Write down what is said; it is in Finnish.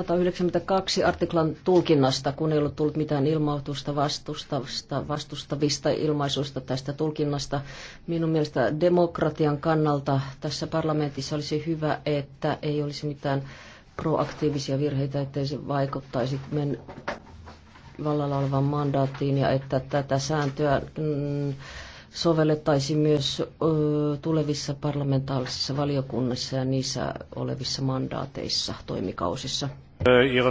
192 artiklan tulkinnasta, kun ei ollut tullut mitään ilmoitusta vastustavista, vastustavista ilmaisuista tästä tulkinnasta. Minun mielestä demokratian kannalta tässä parlamentissa olisi hyvä, että ei olisi mitään proaktiivisia virheitä, ettei se vaikuttaisi men vallalla olevan mandaattiin ja että tätä sääntöä... Mm, sovellettaisi myös tulevissa parlamentaarisissa valiokunnissa ja niissä olevissa mandaateissa, toimikausissa.